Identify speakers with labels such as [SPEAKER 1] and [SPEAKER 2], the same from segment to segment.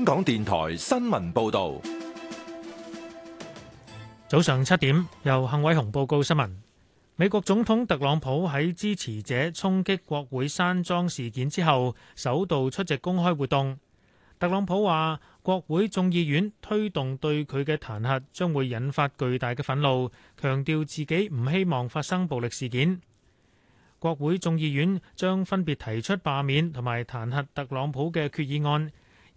[SPEAKER 1] 香港電台
[SPEAKER 2] 新聞報道，早上七點，由幸偉雄報告新聞。美國總統特朗普喺支持者衝擊國會山莊事件之後，首度出席公開活動。特朗普話：國會眾議院推動對佢嘅彈劾，將會引發巨大嘅憤怒，強調自己唔希望發生暴力事件。國會眾議院將分別提出罷免同埋彈劾特朗普嘅決議案。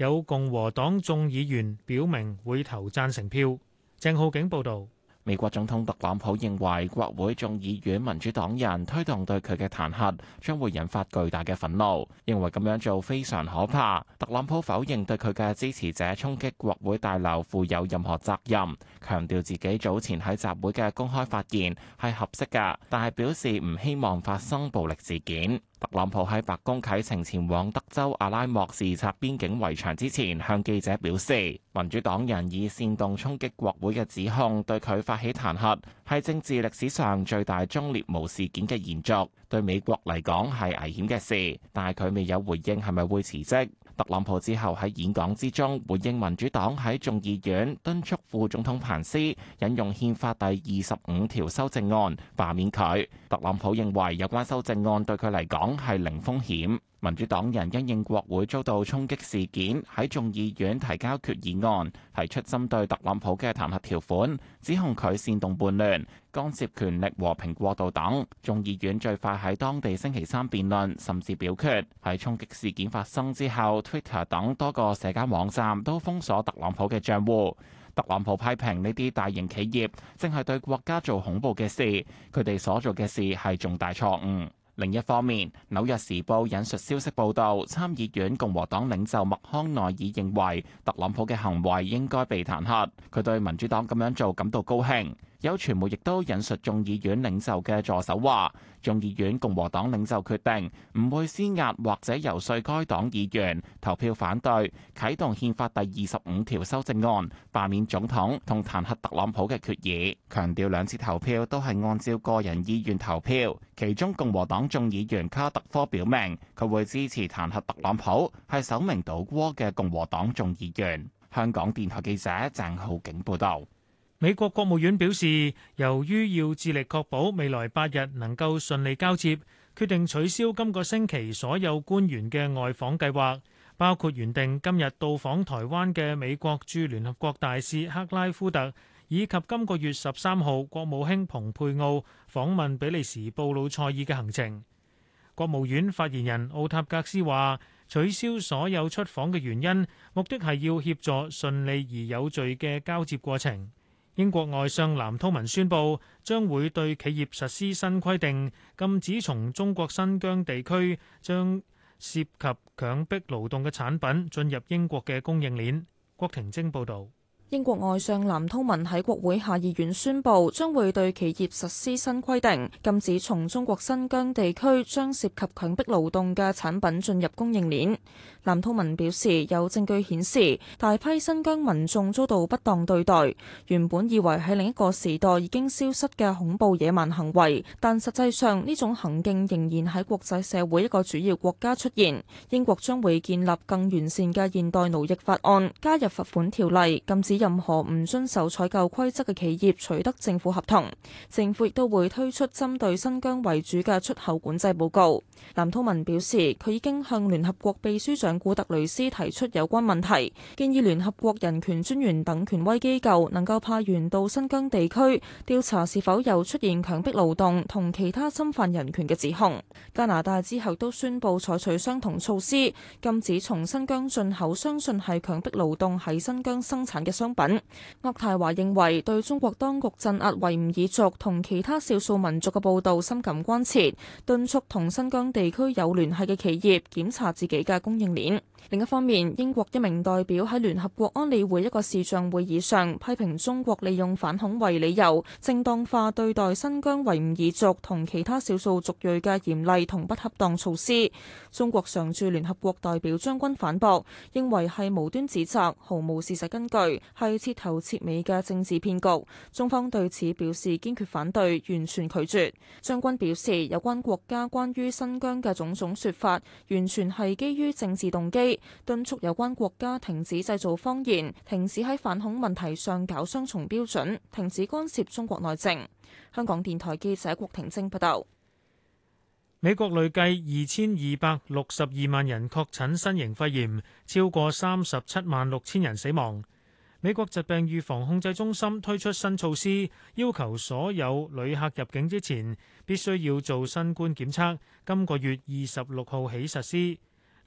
[SPEAKER 2] 有共和黨眾議員表明會投讚成票。鄭浩景報道，
[SPEAKER 3] 美國總統特朗普認為國會眾議院民主黨人推動對佢嘅彈劾，將會引發巨大嘅憤怒，認為咁樣做非常可怕。特朗普否認對佢嘅支持者衝擊國會大樓負有任何責任，強調自己早前喺集會嘅公開發言係合適噶，但係表示唔希望發生暴力事件。特朗普喺白宮啟程前往德州阿拉莫視察邊境圍牆之前，向記者表示，民主黨人以煽動衝擊國會嘅指控對佢發起彈劾，係政治歷史上最大中獵巫事件嘅延續，對美國嚟講係危險嘅事。但係佢未有回應係咪會辭職？特朗普之後喺演講之中回應民主黨喺眾議院敦促副總統彭斯引用憲法第二十五條修正案罷免佢。特朗普認為有關修正案對佢嚟講係零風險。民主黨人因應國會遭到衝擊事件，喺眾議院提交決議案，提出針對特朗普嘅彈劾條款，指控佢煽動叛亂干涉權力和平過渡等。眾議院最快喺當地星期三辯論甚至表決，喺衝擊事件發生之後 Twitter 等多個社交網站都封鎖特朗普嘅賬戶。特朗普批評呢啲大型企業正係對國家做恐怖嘅事，佢哋所做嘅事係重大錯誤。另一方面，《紐約時報》引述消息報道，參議院共和黨領袖麥康奈爾認為特朗普嘅行為應該被彈劾，佢對民主黨咁樣做感到高興。有傳媒亦都引述眾議院領袖嘅助手話：眾議院共和黨領袖決定唔會施壓或者遊說該黨議員投票反對啟動憲法第二十五條修正案罷免總統同彈劾特朗普嘅決議，強調兩次投票都係按照個人意願投票。其中共和黨眾議員卡特科表明佢會支持彈劾特朗普，係首名倒戈嘅共和黨眾議員。
[SPEAKER 2] 香港電台記者鄭浩景報導。美國國務院表示，由於要致力確保未來八日能夠順利交接，決定取消今個星期所有官員嘅外訪計劃，包括原定今日到訪台灣嘅美國駐聯合國大使克拉夫特，以及今個月十三號國務卿蓬佩奧訪問比利時布魯塞爾嘅行程。國務院發言人奧塔格斯話，取消所有出訪嘅原因，目的係要協助順利而有序嘅交接過程。英國外相藍韜文宣布，將會對企業實施新規定，禁止從中國新疆地區將涉及強迫勞動嘅產品進入英國嘅供應鏈。郭婷晶報道。
[SPEAKER 4] 英國外相藍韜文喺國會下議院宣布，將會對企業實施新規定，禁止從中國新疆地區將涉及強迫勞動嘅產品進入供應鏈。藍韜文表示，有證據顯示大批新疆民眾遭到不當對待，原本以為喺另一個時代已經消失嘅恐怖野蠻行為，但實際上呢種行徑仍然喺國際社會一個主要國家出現。英國將會建立更完善嘅現代奴役法案，加入罰款條例，禁止任何唔遵守採購規則嘅企業取得政府合同，政府亦都會推出針對新疆為主嘅出口管制報告。藍韜文表示，佢已經向聯合國秘書長古特雷斯提出有關問題，建議聯合國人權專員等權威機構能夠派員到新疆地區調查是否有出現強迫勞動同其他侵犯人權嘅指控。加拿大之後都宣布採取相同措施，禁止從新疆進口相信係強迫勞動喺新疆生產嘅商品。厄泰華認為對中國當局鎮壓維吾爾族同其他少數民族嘅報道深感關切，敦促同新疆地區有聯繫嘅企業檢查自己嘅供應鏈。另一方面，英國一名代表喺聯合國安理會一個視像會議上，批評中國利用反恐為理由，正當化對待新疆維吾爾族同其他少數族裔嘅嚴厲同不恰當措施。中國常駐聯合國代表張軍反駁，認為係無端指責，毫無事實根據，係徹頭徹尾嘅政治騙局。中方對此表示堅決反對，完全拒絕。張軍表示，有關國家關於新疆嘅種種說法，完全係基於政治動機。敦促有關國家停止製造謊言，停止喺反恐問題上搞雙重標準，停止干涉中國內政。香港電台記者郭婷晶報道。
[SPEAKER 2] 美國累計二千二百六十二萬人確診新型肺炎，超過三十七萬六千人死亡。美國疾病預防控制中心推出新措施，要求所有旅客入境之前必須要做新冠檢測，今個月二十六號起實施。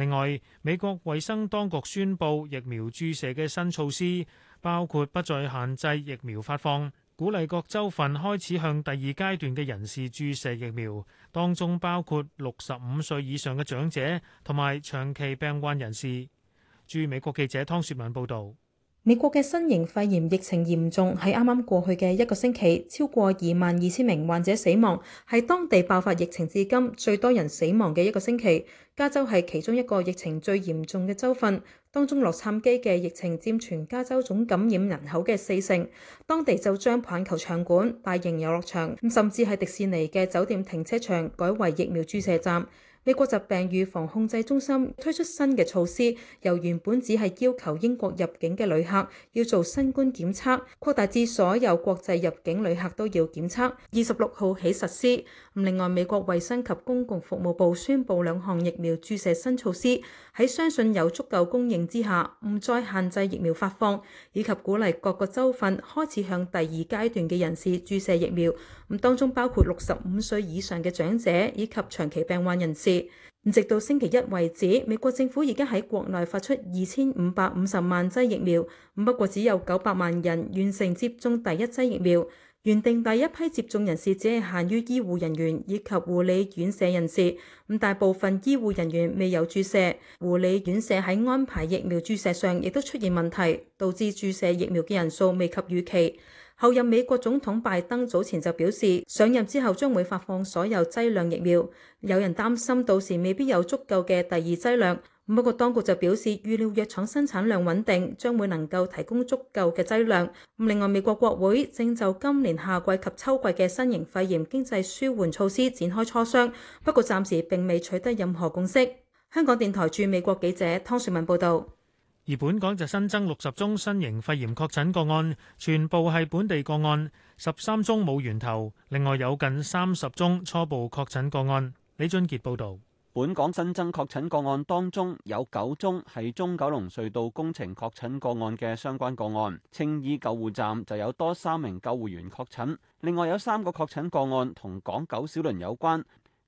[SPEAKER 2] 另外，美國衞生當局宣布疫苗注射嘅新措施，包括不再限制疫苗發放，鼓勵各州份開始向第二階段嘅人士注射疫苗，當中包括六十五歲以上嘅長者同埋長期病患人士。駐美國記者湯雪文報道。
[SPEAKER 5] 美國嘅新型肺炎疫情嚴重，喺啱啱過去嘅一個星期，超過二萬二千名患者死亡，係當地爆發疫情至今最多人死亡嘅一個星期。加州係其中一個疫情最嚴重嘅州份，當中洛杉磯嘅疫情佔全加州總感染人口嘅四成，當地就將棒球場館、大型遊樂場，甚至係迪士尼嘅酒店停車場改為疫苗注射站。美國疾病預防控制中心推出新嘅措施，由原本只係要求英國入境嘅旅客要做新冠檢測，擴大至所有國際入境旅客都要檢測。二十六號起實施。另外，美國衛生及公共服務部宣布兩項疫苗注射新措施，喺相信有足夠供應之下，唔再限制疫苗發放，以及鼓勵各個州份開始向第二階段嘅人士注射疫苗。咁當中包括六十五歲以上嘅長者以及長期病患人士。咁，直到星期一為止，美國政府已經喺國內發出二千五百五十萬劑疫苗，不過只有九百萬人完成接種第一劑疫苗。原定第一批接種人士只係限於醫護人員以及護理院舍人士，咁大部分醫護人員未有注射，護理院舍喺安排疫苗注射上亦都出現問題，導致注射疫苗嘅人數未及預期。候任美國總統拜登早前就表示，上任之後將會發放所有劑量疫苗。有人擔心到時未必有足夠嘅第二劑量。不過當局就表示，預料藥廠生產量穩定，將會能夠提供足夠嘅劑量。另外，美國國會正就今年夏季及秋季嘅新型肺炎經濟舒緩措施展開磋商，不過暫時並未取得任何共識。香港電台駐美國記者湯雪文報導。
[SPEAKER 2] 而本港就新增六十宗新型肺炎確診個案，全部係本地個案，十三宗冇源頭，另外有近三十宗初步確診個案。李俊杰報道。本港新
[SPEAKER 1] 增確診個案當中有九宗係中九龍隧道工程確診個案嘅相關個案，青衣救護站就有多三名救護員確診，另外有三個確診個案同港九小輪有關，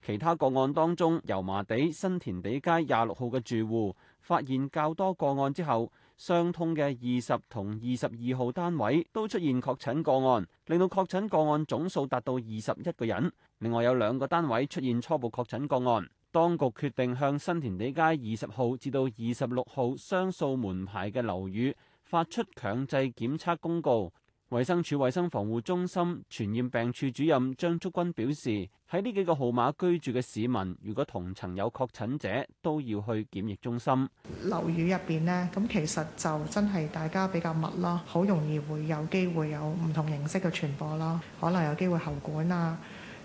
[SPEAKER 1] 其他個案當中，油麻地新填地街廿六號嘅住戶。發現較多個案之後，相通嘅二十同二十二號單位都出現確診個案，令到確診個案總數達到二十一個人。另外有兩個單位出現初步確診個案，當局決定向新填地街二十號至到二十六號雙數門牌嘅樓宇發出強制檢測公告。衛生署衛生防護中心傳染病處主任張竹君表示，喺呢幾個號碼居住嘅市民，如果同層有確診者，都要去檢疫中心。
[SPEAKER 4] 樓宇入邊呢，咁其實就真係大家比較密啦，好容易會有機會有唔同形式嘅傳播啦，可能有機會喉管啊，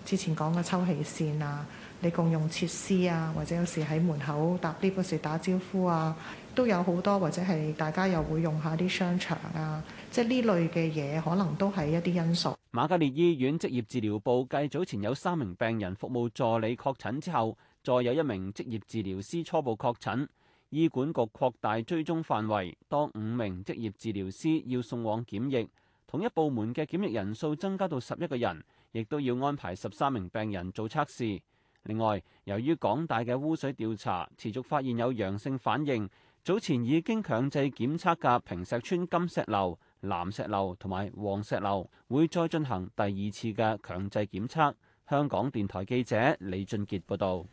[SPEAKER 4] 之前講嘅抽氣綫啊。你共用設施啊，或者有時喺門口搭 lift 嗰時打招呼啊，都有好多，或者係大家又會用下啲商場啊，即係呢類嘅嘢，可能都係一啲因素。
[SPEAKER 1] 瑪嘉烈醫院職業治療部繼早前有三名病人服務助理確診之後，再有一名職業治療師初步確診，醫管局擴大追蹤範圍，多五名職業治療師要送往檢疫，同一部門嘅檢疫人數增加到十一個人，亦都要安排十三名病人做測試。另外，由於港大嘅污水調查持續發現有陽性反應，早前已經強制檢測嘅平石村金石樓、藍石樓同埋黃石樓會再進行第二次嘅強
[SPEAKER 2] 制檢測。香港電
[SPEAKER 1] 台記者李俊傑報道。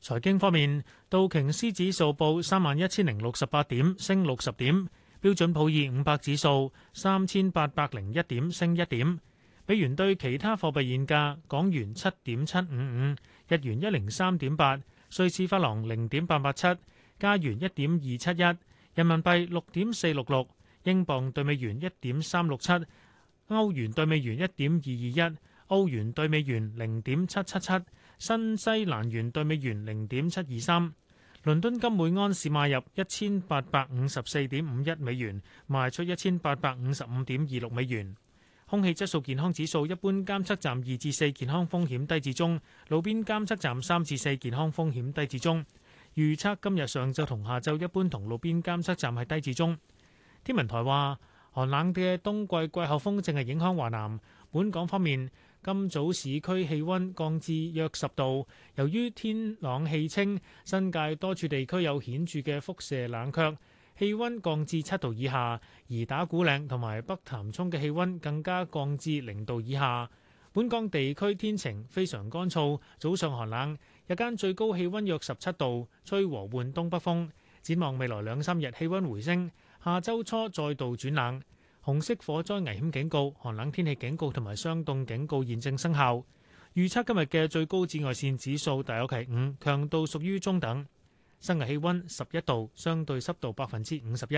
[SPEAKER 2] 財經方面，道瓊斯指數報三萬一千零六十八點，升六十點；標準普爾五百指數三千八百零一點，升一點。美元兌其他貨幣現價：港元七點七五五，日元一零三點八，瑞士法郎零點八八七，加元一點二七一，人民幣六點四六六，英鎊對美元一點三六七，歐元對美元一點二二一，澳元對美元零點七七七，新西蘭元對美元零點七二三。倫敦金每安士買入一千八百五十四點五一美元，賣出一千八百五十五點二六美元。空氣質素健康指數一般監測站二至四，健康風險低至中；路邊監測站三至四，健康風險低至中。預測今日上晝同下晝一般同路邊監測站係低至中。天文台話，寒冷嘅冬季季候風正係影響華南。本港方面，今早市區氣温降至約十度，由於天朗氣清，新界多處地區有顯著嘅輻射冷卻。氣溫降至七度以下，而打鼓嶺同埋北潭涌嘅氣溫更加降至零度以下。本港地區天晴，非常乾燥，早上寒冷，日間最高氣溫約十七度，吹和緩東北風。展望未來兩三日氣溫回升，下周初再度轉冷。紅色火災危險警告、寒冷天氣警告同埋霜凍警告現正生效。預測今日嘅最高紫外線指數大約係五，強度屬於中等。今日氣溫十一度，相對濕度百分之五十一。